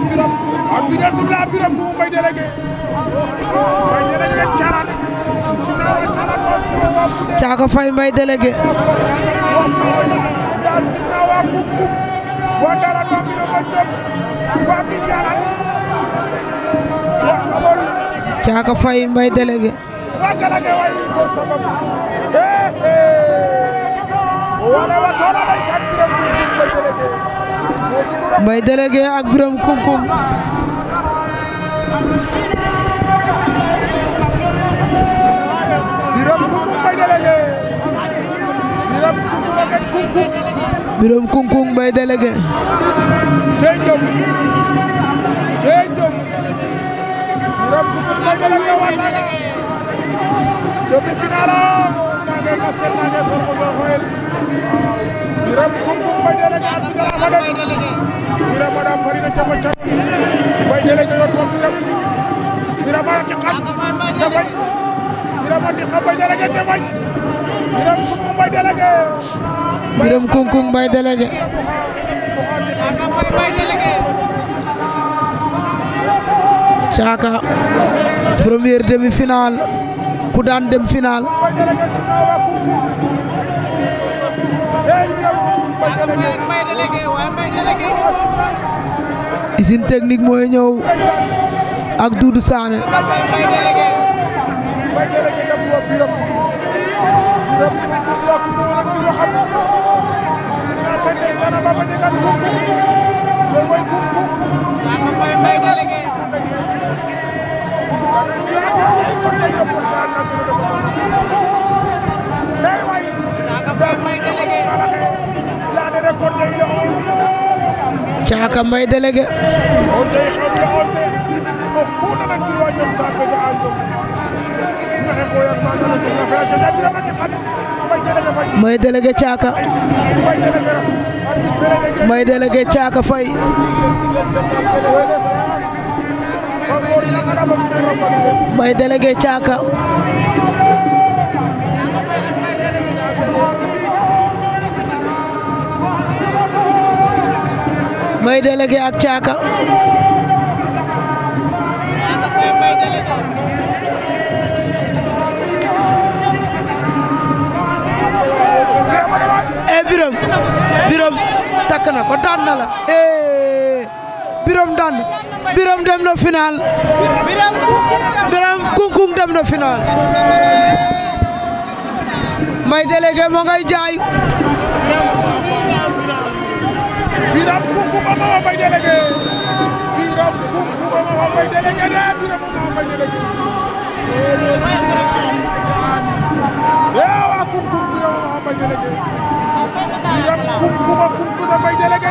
ak Biram ak bi des na Biram bu mu mbay délégué mbay délégué Thiarane su ñu Mbaye délégué ak Biram Kumkum Biram Kumkum Mbaye Biram Kumkum Biram Kumkum Mbaye délégué cey jom cey Biram Kumkum Mbaye délégué waata délégué ko ca Mbaye délégué yor ko biram biram a ci xam te bañ biram a ci xam Mbaye délégué te bañ biram kunkum Mbaye délégué biram kunkum Mbaye délégué Caaka première demi-finale ku daan dem finale Caaka Faye ak Mbaye délégué waaye Mbaye délégué usine technique mooy ñëw ak Doudou Sané caaka mbay délégué mbay délégué caaka mbay délégué caaka fay mbay délégué caaka Mbaye ee Biram Biram takk na ko daan na la ee eh, Biram daan Biram dem na final Biram kunkung dem na final Mbaye délégué moo ngay jaay Mama Mbaye délégué Birame bu bu ko Mama Mbaye délégué de eh, Birame Mama Mbaye délégué. waaw waaw kum kum Birame Mama Mbaye délégué. Birame kum bu ko kum tuuti Mbaye délégué.